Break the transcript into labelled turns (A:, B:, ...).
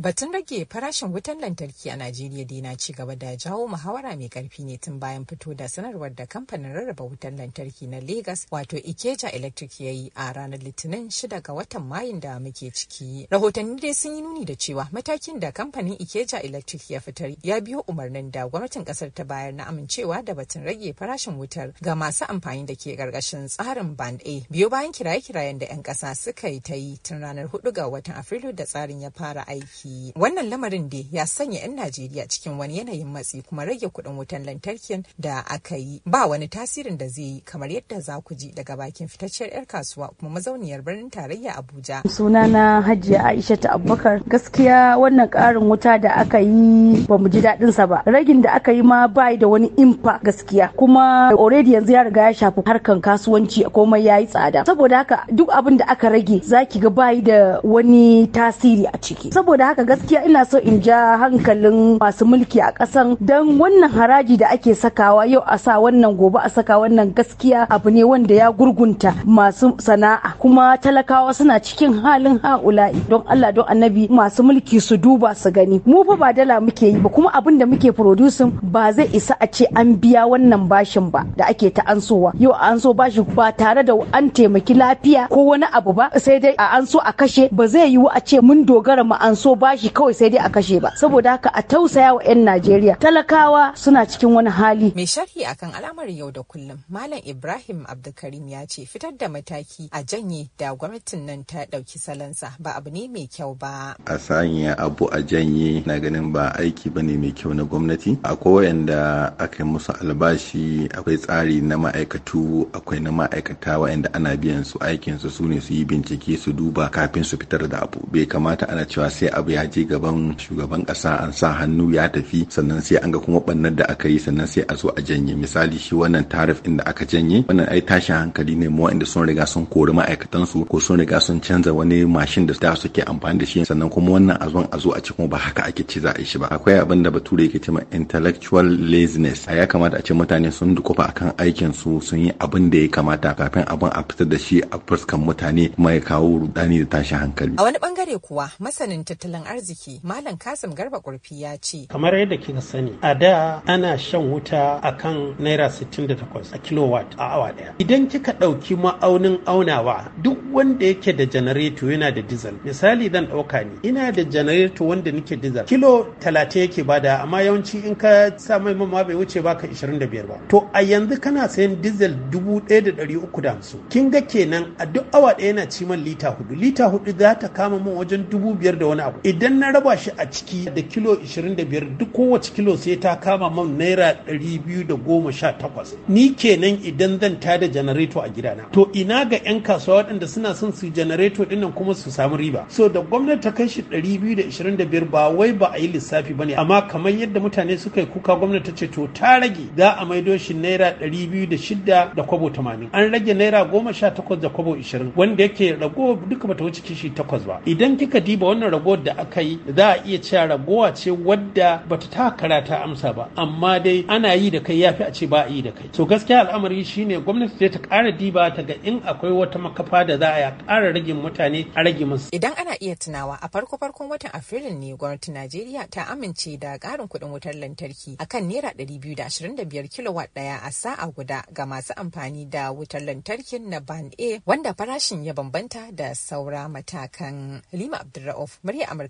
A: Batun rage farashin wutan lantarki a Najeriya dai na ci gaba da jawo muhawara mai karfi ne tun bayan fito da sanarwar da kamfanin rarraba wutan lantarki na Lagos wato Ikeja Electric ya yi a ranar Litinin 6 ga watan Mayun da muke ciki. Rahotanni dai sun yi nuni da cewa matakin da kamfanin Ikeja Electric ya fitar ya biyo umarnin da gwamnatin kasar ta bayar na amincewa da batun rage farashin wutar ga masu amfani da ke karkashin tsarin Band A. Biyo bayan kiraye-kirayen da 'yan ƙasa suka yi ta yi tun ranar 4 ga watan Afrilu da tsarin ya fara aiki. wannan lamarin dai ya sanya 'yan najeriya cikin wani yanayin matsi kuma rage kuɗin wutan lantarkin da aka yi ba wani tasirin da zai yi kamar yadda za ku ji daga bakin fitacciyar 'yar kasuwa kuma mazauniyar birnin tarayya abuja sunana
B: hajiya aisha ta abubakar gaskiya wannan ƙarin wuta da aka yi ba mu ji daɗin sa ba ragin da aka yi ma bai da wani impa gaskiya kuma already yanzu ya riga ya shafi harkan kasuwanci komai ya yi tsada saboda haka duk abin da aka rage zaki ga bayi da wani tasiri a ciki saboda haka haka gaskiya ina so in ja hankalin masu mulki a ƙasan don wannan haraji da ake sakawa yau a sa wannan gobe a saka wannan gaskiya abu ne wanda ya gurgunta masu sana'a kuma talakawa suna cikin halin ha'ula'i don Allah don annabi masu mulki su duba su gani mu fa ba dala muke yi ba kuma abin da muke producing ba zai isa a ce an biya wannan bashin ba da ake ta ansowa yau an so bashin ba tare da an taimaki lafiya ko wani abu ba sai dai a an so a kashe ba zai yiwu a ce mun dogara mu an so bashi kawai sai dai a kashe ba saboda haka a tausaya wa 'yan Najeriya talakawa suna cikin wani hali.
A: Mai sharhi akan al'amarin yau da kullum Malam Ibrahim Abdulkarim ya ce fitar da mataki a janye da gwamnatin nan ta ɗauki salansa ba abu ne mai kyau ba.
C: A sanya abu a janye na ganin ba aiki ba ne mai kyau na gwamnati. Akwai wayanda aka yi musu albashi akwai tsari na ma'aikatu akwai na ma'aikata wayanda ana biyan su aikinsu su su ne su yi bincike su duba kafin su fitar da abu. Bai kamata ana cewa sai abu abu ya je gaban shugaban ƙasa an sa hannu ya tafi sannan sai an ga kuma bannar da aka yi sannan sai a zo a janye misali shi wannan tarif da aka janye wannan ai tashin hankali ne mu wanda sun riga sun kori ma'aikatan su ko sun riga sun canza wani mashin da da suke amfani da shi sannan kuma wannan a zon a zo a ci kuma ba haka ake ce za a yi shi ba akwai abin da bature yake cewa intellectual laziness a ya kamata a ce mutane sun dukufa akan aikin su sun yi abin da ya kamata kafin abin a fitar da shi a fuskan mutane mai kawo rudani da tashin hankali a wani
A: bangare kuwa masanin tattalin tattalin arziki Malam Kasim Garba Kurfi ya ce.
D: Kamar yadda kika sani a da ana shan wuta a kan naira 68 a kilowatt a awa daya. Idan kika ɗauki ma'aunin aunawa duk wanda yake da janareto yana da diesel misali zan ɗauka ni, ina da janareto wanda nake diesel kilo 30 yake bada amma yawanci in ka sa mai ma bai wuce baka 25 ba. To a yanzu kana sayan diesel 1,350 kin ga kenan a duk awa daya yana ciman lita hudu lita hudu za ta kama min wajen dubu biyar da wani abu idan na raba shi a ciki da kilo 25 duk kowace kilo sai ta kama man naira 218 ni kenan idan zan tada janareto a gidana to ina ga 'yan kasuwa waɗanda suna son su janareto dinnan kuma su samu riba so da gwamnati ta kai shi 225 ba wai ba a yi lissafi ba ne amma kamar yadda mutane suka yi kuka gwamnati ta ce to ta rage za a maido shi naira 206 da kwabo 80 an rage naira 18 da kwabo 20 wanda yake rago duka bata wuce kishi 8 ba idan kika diba wannan rago da aka yi za a iya cewa ragowa ce wadda bata ta karata amsa ba amma dai ana yi da kai yafi a ce ba a yi da kai to gaskiya al'amari shine gwamnati ta kara diba ta ga in akwai wata makafa da za a yi kara rage mutane a rage musu
A: idan ana iya tunawa a farko farkon watan afrilun ne gwamnatin najeriya ta amince da karin kuɗin wutar lantarki akan naira ɗari biyu da ashirin biyar ɗaya a sa'a guda ga masu amfani da wutar lantarkin na ban a wanda farashin ya bambanta da saura matakan lima abdulra'uf murya amurka